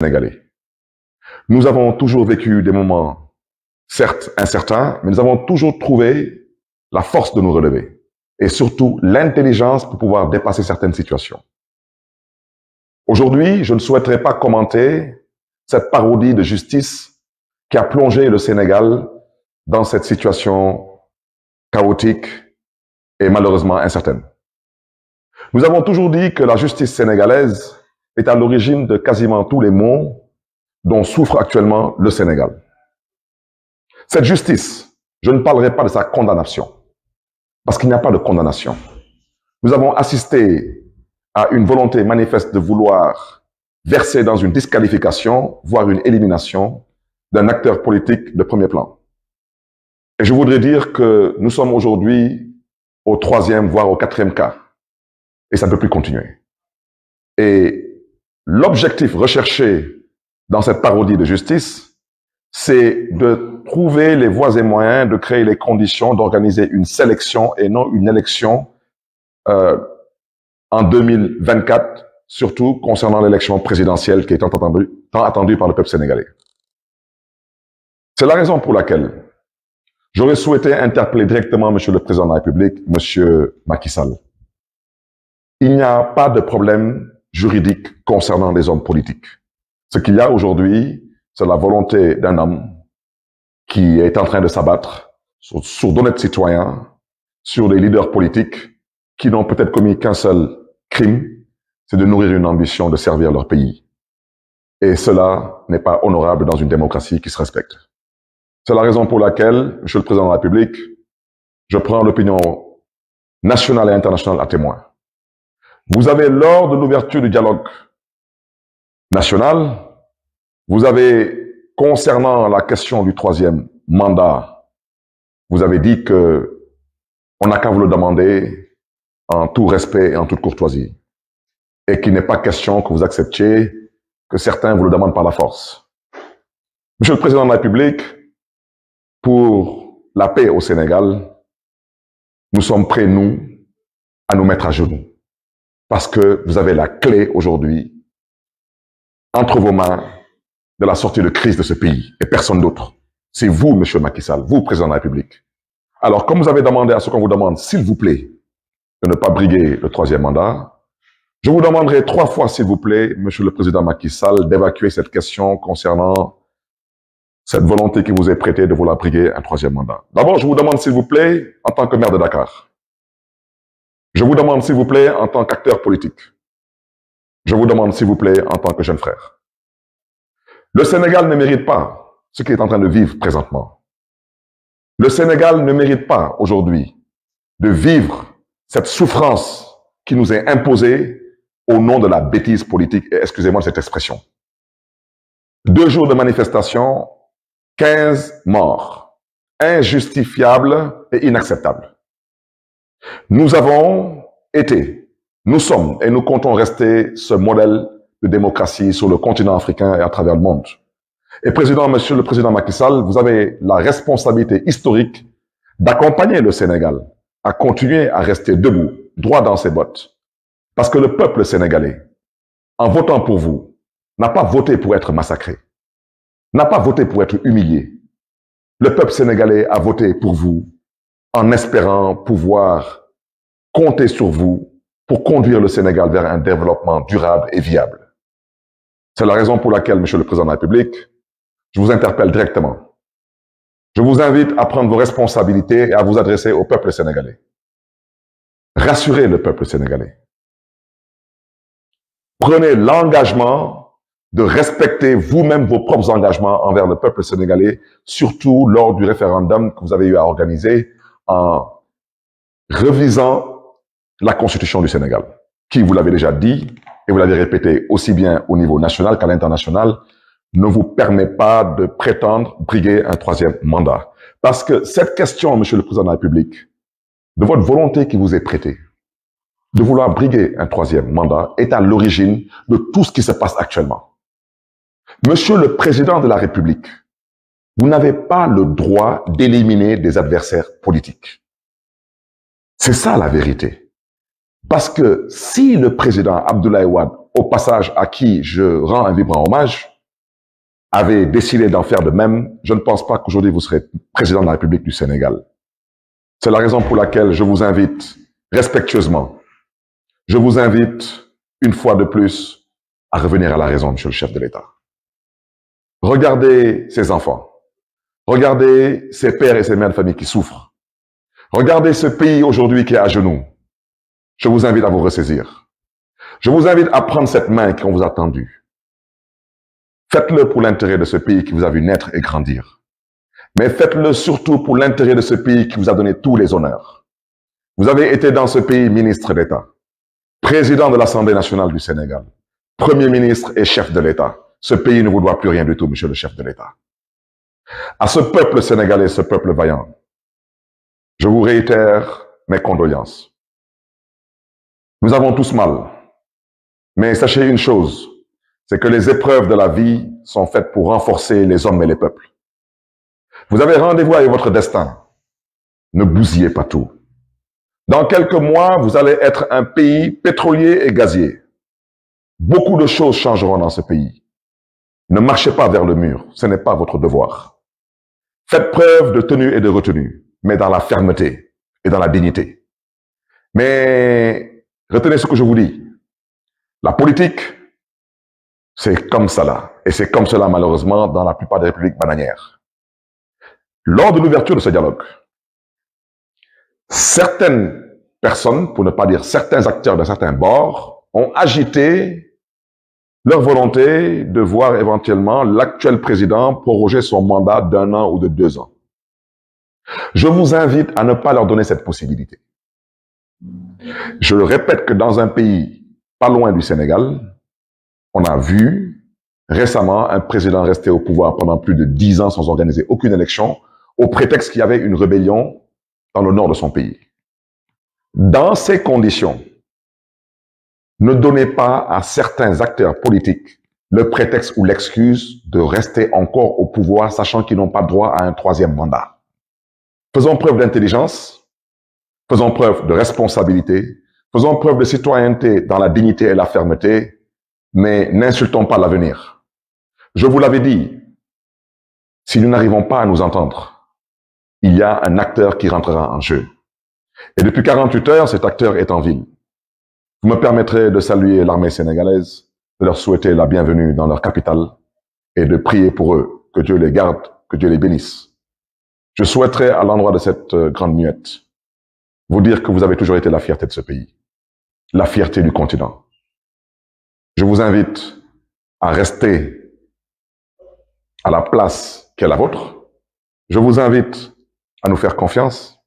Sénégalais. Nous avons toujours vécu des moments, certes incertains, mais nous avons toujours trouvé la force de nous relever et surtout l'intelligence pour pouvoir dépasser certaines situations. Aujourd'hui, je ne souhaiterais pas commenter cette parodie de justice qui a plongé le Sénégal dans cette situation chaotique et malheureusement incertaine. Nous avons toujours dit que la justice sénégalaise est à l'origine de quasiment tous les maux dont souffre actuellement le Sénégal. Cette justice, je ne parlerai pas de sa condamnation, parce qu'il n'y a pas de condamnation. Nous avons assisté à une volonté manifeste de vouloir verser dans une disqualification, voire une élimination d'un acteur politique de premier plan. Et je voudrais dire que nous sommes aujourd'hui au troisième, voire au quatrième cas. Et ça ne peut plus continuer. Et l'objectif recherché dans cette parodie de justice, c'est de trouver les voies et moyens de créer les conditions d'organiser une sélection et non une élection euh, en 2024, surtout concernant l'élection présidentielle qui est tant attendue, par le peuple sénégalais. C'est la raison pour laquelle j'aurais souhaité interpeller directement M. le Président de la République, M. Macky Sall. Il n'y a pas de problème juridique concernant les hommes politiques. Ce qu'il y a aujourd'hui, c'est la volonté d'un homme qui est en train de s'abattre sur, sur d'honnêtes citoyens, sur des leaders politiques qui n'ont peut-être commis qu'un seul crime, c'est de nourrir une ambition de servir leur pays. Et cela n'est pas honorable dans une démocratie qui se respecte. C'est la raison pour laquelle, Monsieur le Président de la République, je prends l'opinion nationale et internationale à témoin. Vous avez lors de l'ouverture du dialogue national, vous avez, concernant la question du troisième mandat, vous avez dit que on n'a qu'à vous le demander en tout respect et en toute courtoisie. Et qu'il n'est pas question que vous acceptiez que certains vous le demandent par la force. Monsieur le Président de la République, pour la paix au Sénégal, nous sommes prêts, nous, à nous mettre à genoux. Parce que vous avez la clé aujourd'hui entre vos mains de la sortie de crise de ce pays et personne d'autre. C'est vous, Monsieur Macky Sall, vous, président de la République. Alors, comme vous avez demandé à ce qu'on vous demande, s'il vous plaît, de ne pas briguer le troisième mandat, je vous demanderai trois fois, s'il vous plaît, Monsieur le Président Macky Sall, d'évacuer cette question concernant cette volonté qui vous est prêtée de vouloir briguer un troisième mandat. D'abord, je vous demande, s'il vous plaît, en tant que maire de Dakar, je vous demande, s'il vous plaît, en tant qu'acteur politique, je vous demande, s'il vous plaît, en tant que jeune frère, le Sénégal ne mérite pas ce qu'il est en train de vivre présentement. Le Sénégal ne mérite pas aujourd'hui de vivre cette souffrance qui nous est imposée au nom de la bêtise politique, et excusez-moi cette expression. Deux jours de manifestation, 15 morts, injustifiables et inacceptables. Nous avons été, nous sommes et nous comptons rester ce modèle de démocratie sur le continent africain et à travers le monde. Et président, monsieur le président Macky Sall, vous avez la responsabilité historique d'accompagner le Sénégal à continuer à rester debout, droit dans ses bottes. Parce que le peuple sénégalais, en votant pour vous, n'a pas voté pour être massacré, n'a pas voté pour être humilié. Le peuple sénégalais a voté pour vous en espérant pouvoir compter sur vous pour conduire le Sénégal vers un développement durable et viable. C'est la raison pour laquelle, Monsieur le Président de la République, je vous interpelle directement. Je vous invite à prendre vos responsabilités et à vous adresser au peuple sénégalais. Rassurez le peuple sénégalais. Prenez l'engagement de respecter vous-même vos propres engagements envers le peuple sénégalais, surtout lors du référendum que vous avez eu à organiser en revisant la constitution du Sénégal, qui, vous l'avez déjà dit, et vous l'avez répété aussi bien au niveau national qu'à l'international, ne vous permet pas de prétendre briguer un troisième mandat. Parce que cette question, Monsieur le Président de la République, de votre volonté qui vous est prêtée, de vouloir briguer un troisième mandat, est à l'origine de tout ce qui se passe actuellement. Monsieur le Président de la République, vous n'avez pas le droit d'éliminer des adversaires politiques. C'est ça la vérité. Parce que si le président Abdoulaye Wade, au passage à qui je rends un vibrant hommage, avait décidé d'en faire de même, je ne pense pas qu'aujourd'hui vous serez président de la République du Sénégal. C'est la raison pour laquelle je vous invite respectueusement, je vous invite une fois de plus à revenir à la raison, monsieur le chef de l'État. Regardez ces enfants. Regardez ces pères et ces mères de famille qui souffrent. Regardez ce pays aujourd'hui qui est à genoux. Je vous invite à vous ressaisir. Je vous invite à prendre cette main qu'on vous a tendue. Faites-le pour l'intérêt de ce pays qui vous a vu naître et grandir. Mais faites-le surtout pour l'intérêt de ce pays qui vous a donné tous les honneurs. Vous avez été dans ce pays ministre d'État, président de l'Assemblée nationale du Sénégal, premier ministre et chef de l'État. Ce pays ne vous doit plus rien du tout, monsieur le chef de l'État à ce peuple sénégalais, ce peuple vaillant. Je vous réitère mes condoléances. Nous avons tous mal. Mais sachez une chose, c'est que les épreuves de la vie sont faites pour renforcer les hommes et les peuples. Vous avez rendez-vous avec votre destin. Ne bousillez pas tout. Dans quelques mois, vous allez être un pays pétrolier et gazier. Beaucoup de choses changeront dans ce pays. Ne marchez pas vers le mur, ce n'est pas votre devoir. Faites preuve de tenue et de retenue, mais dans la fermeté et dans la dignité. Mais retenez ce que je vous dis. La politique, c'est comme cela. Et c'est comme cela, malheureusement, dans la plupart des républiques bananières. Lors de l'ouverture de ce dialogue, certaines personnes, pour ne pas dire certains acteurs de certains bords, ont agité leur volonté de voir éventuellement l'actuel président proroger son mandat d'un an ou de deux ans. Je vous invite à ne pas leur donner cette possibilité. Je le répète que dans un pays pas loin du Sénégal, on a vu récemment un président rester au pouvoir pendant plus de dix ans sans organiser aucune élection, au prétexte qu'il y avait une rébellion dans le nord de son pays. Dans ces conditions, ne donnez pas à certains acteurs politiques le prétexte ou l'excuse de rester encore au pouvoir, sachant qu'ils n'ont pas droit à un troisième mandat. Faisons preuve d'intelligence, faisons preuve de responsabilité, faisons preuve de citoyenneté dans la dignité et la fermeté, mais n'insultons pas l'avenir. Je vous l'avais dit, si nous n'arrivons pas à nous entendre, il y a un acteur qui rentrera en jeu. Et depuis 48 heures, cet acteur est en ville. Vous me permettrez de saluer l'armée sénégalaise, de leur souhaiter la bienvenue dans leur capitale et de prier pour eux, que Dieu les garde, que Dieu les bénisse. Je souhaiterais, à l'endroit de cette euh, grande muette, vous dire que vous avez toujours été la fierté de ce pays, la fierté du continent. Je vous invite à rester à la place qui est la vôtre. Je vous invite à nous faire confiance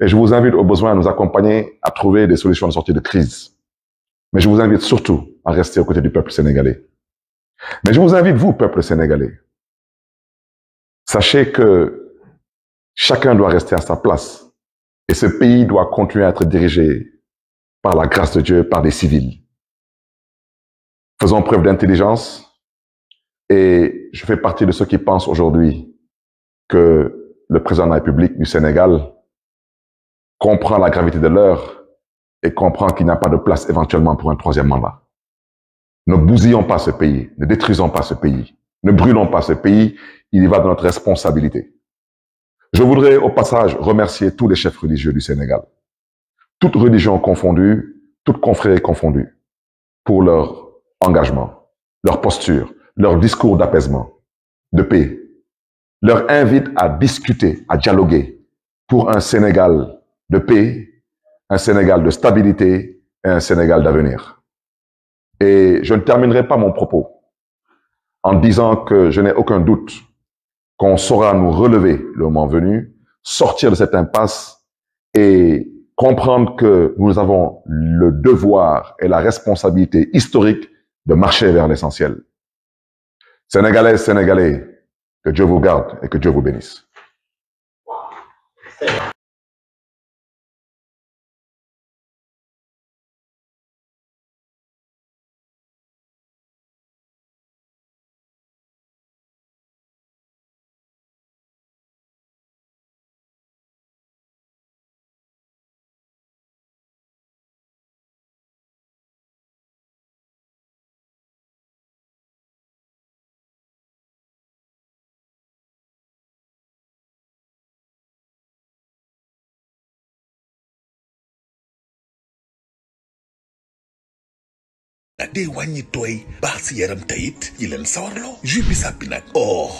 et je vous invite au besoin à nous accompagner à trouver des solutions de sortie de crise. Mais je vous invite surtout à rester aux côtés du peuple sénégalais. Mais je vous invite, vous, peuple sénégalais, sachez que chacun doit rester à sa place et ce pays doit continuer à être dirigé par la grâce de Dieu, par des civils. Faisons preuve d'intelligence et je fais partie de ceux qui pensent aujourd'hui que le président de la République du Sénégal comprend la gravité de l'heure et comprend qu'il n'y a pas de place éventuellement pour un troisième mandat. Ne bousillons pas ce pays, ne détruisons pas ce pays, ne brûlons pas ce pays, il y va de notre responsabilité. Je voudrais au passage remercier tous les chefs religieux du Sénégal, toutes religions confondues, toutes confrères confondues, pour leur engagement, leur posture, leur discours d'apaisement, de paix, leur invite à discuter, à dialoguer pour un Sénégal de paix, un Sénégal de stabilité et un Sénégal d'avenir. Et je ne terminerai pas mon propos en disant que je n'ai aucun doute qu'on saura nous relever le moment venu, sortir de cette impasse et comprendre que nous avons le devoir et la responsabilité historique de marcher vers l'essentiel. Sénégalais, Sénégalais, que Dieu vous garde et que Dieu vous bénisse. da dee wàññi tooy baax si yaram tayit yi leen sawarloo jus bi sàppi nag oh